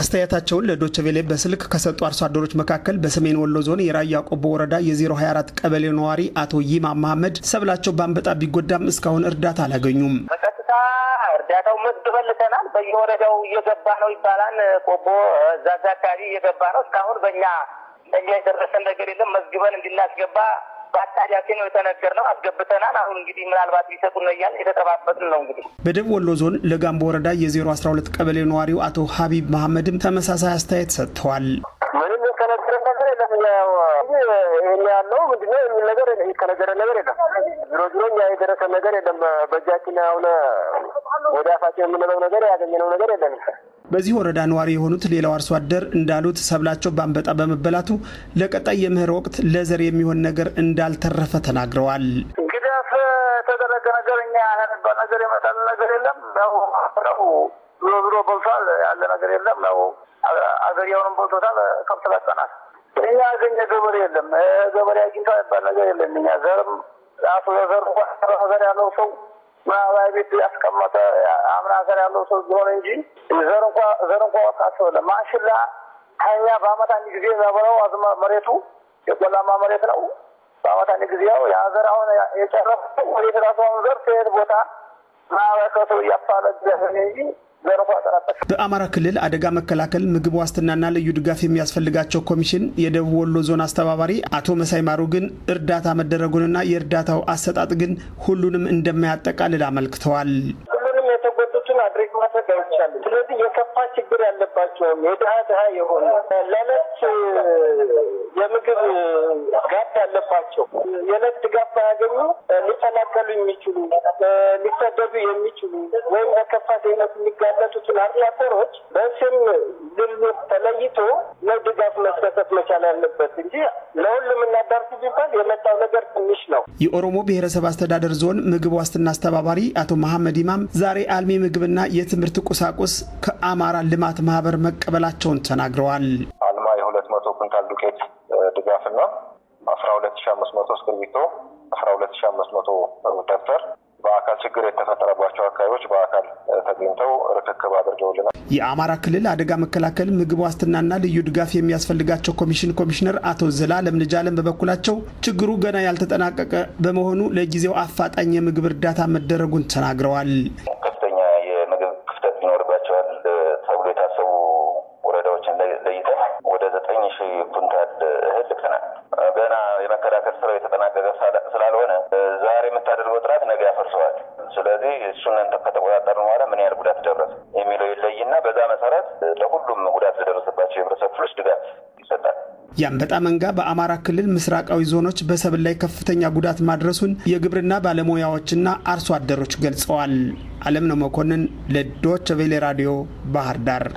አስተያየታቸውን ለዶቼ ቬለ በስልክ ከሰጡ አርሶ አደሮች መካከል በሰሜን ወሎ ዞን የራያ ቆቦ ወረዳ የ024 ቀበሌ ነዋሪ አቶ ይማ መሐመድ ሰብላቸው በአንበጣ ቢጎዳም እስካሁን እርዳታ አላገኙም። በቀጥታ እርዳታው መዝግበን በየወረዳው እየገባ ነው ይባላል። ቆቦ እዛዛ አካባቢ እየገባ ነው። እስካሁን በእኛ እኛ የደረሰን ነገር የለም። መዝግበን እንድናስገባ በአካባቢያችን የተነገር ነው አስገብተናል። አሁን እንግዲህ ምናልባት ሊሰጡ ነው እያልን የተጠባበቅን ነው። እንግዲህ በደቡብ ወሎ ዞን ለጋምቦ ወረዳ የዜሮ አስራ ሁለት ቀበሌ ነዋሪው አቶ ሀቢብ መሐመድም ተመሳሳይ አስተያየት ሰጥተዋል። ምንም የተነገረ ነገር የለም። ይህን ያለው ምንድነው የሚል ነገር የተነገረ ነገር የለም። ዞሮ ዞሮ እኛ የደረሰ ነገር የለም። በእጃችን አሁን ወደ አፋችን የምንለው ነገር ያገኘነው ነገር የለም። በዚህ ወረዳ ነዋሪ የሆኑት ሌላው አርሶ አደር እንዳሉት ሰብላቸው በአንበጣ በመበላቱ ለቀጣይ የምህር ወቅት ለዘር የሚሆን ነገር እንዳልተረፈ ተናግረዋል። ግዳፍ ተደረገ ነገር እኛ የሚባል ነገር የመጣል ነገር የለም ያው ያው ብሎ በልቷል ያለ ነገር የለም ነው አገሪያውንም በልቶታል። ከብት ላጠናል እኛ ያገኘ ገበሬ የለም ገበሬ አግኝቷ የሚባል ነገር የለም። እኛ ዘርም ራሱ ዘር ያለው ሰው አምና ዘር ያለው ሰው ቢሆን እንጂ ዘር እንኳ ዘር እንኳ ወጣቸው ለማሽላ ሀያ በአመት አንድ ጊዜ የሚያበላው አዝማ መሬቱ የቆላማ መሬት ነው። በአመት አንድ ጊዜ ያው የሀገር ዘር አሁን የጨረሰው ወደ የተራሷን ዘር ከየት ቦታ ማህበረሰብ እያፋለ እንጂ በአማራ ክልል አደጋ መከላከል ምግብ ዋስትናና ልዩ ድጋፍ የሚያስፈልጋቸው ኮሚሽን የደቡብ ወሎ ዞን አስተባባሪ አቶ መሳይ ማሩ ግን እርዳታ መደረጉንና የእርዳታው አሰጣጥ ግን ሁሉንም እንደማያጠቃልል አመልክተዋል። አሉ። ስለዚህ የከፋ ችግር ያለባቸው የድሀ ድሀ የሆኑ ለዕለት የምግብ ጋፕ ያለባቸው የዕለት ድጋፍ ባያገኙ ሊፈናቀሉ የሚችሉ ሊሰደዱ የሚችሉ ወይም በከፋ ድህነት የሚጋለጡትን አርሶ አደሮች በስም ዝርዝር ተለይቶ ነው ድጋፍ መስጠት መቻል ያለበት እንጂ ለሁሉም እናዳርስ ቢባል የመጣው ነገር ትንሽ ነው። የኦሮሞ ብሔረሰብ አስተዳደር ዞን ምግብ ዋስትና አስተባባሪ አቶ መሐመድ ኢማም ዛሬ አልሚ ምግብና የትምህርት ቁሳ ቁሳቁስ ከአማራ ልማት ማህበር መቀበላቸውን ተናግረዋል። አልማ የሁለት መቶ ኩንታል ዱቄት ድጋፍና አስራ ሁለት ሺ አምስት መቶ እስክርቢቶ አስራ ሁለት ሺ አምስት መቶ ደብተር በአካል ችግር የተፈጠረባቸው አካባቢዎች በአካል ተገኝተው ርክክብ አድርገውልናል። የአማራ ክልል አደጋ መከላከል ምግብ ዋስትናና ልዩ ድጋፍ የሚያስፈልጋቸው ኮሚሽን ኮሚሽነር አቶ ዘላለም ልጃለም በበኩላቸው ችግሩ ገና ያልተጠናቀቀ በመሆኑ ለጊዜው አፋጣኝ የምግብ እርዳታ መደረጉን ተናግረዋል። ሺህ ኩንታል እህል ልከናል። ገና የመከላከል ስራው የተጠናቀቀ ስላልሆነ ዛሬ የምታደርገው ጥራት ነገ ያፈርሰዋል። ስለዚህ እሱን ከተቆጣጠርን በኋላ ምን ያህል ጉዳት ደረሰ የሚለው ይለይና በዛ መሰረት ለሁሉም ጉዳት ለደረሰባቸው የህብረተሰብ ክፍሎች ድጋፍ ይሰጣል። የአንበጣ መንጋ በአማራ ክልል ምስራቃዊ ዞኖች በሰብል ላይ ከፍተኛ ጉዳት ማድረሱን የግብርና ባለሙያዎችና አርሶ አደሮች ገልጸዋል። አለም ነው መኮንን ለዶች ቬሌ ራዲዮ ባህር ዳር